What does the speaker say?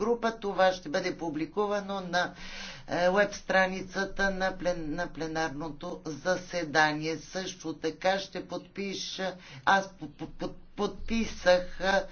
група. Това ще бъде публикувано на веб е, страницата на, плен, на пленарното заседание. Също така ще подпиша, аз подписах е,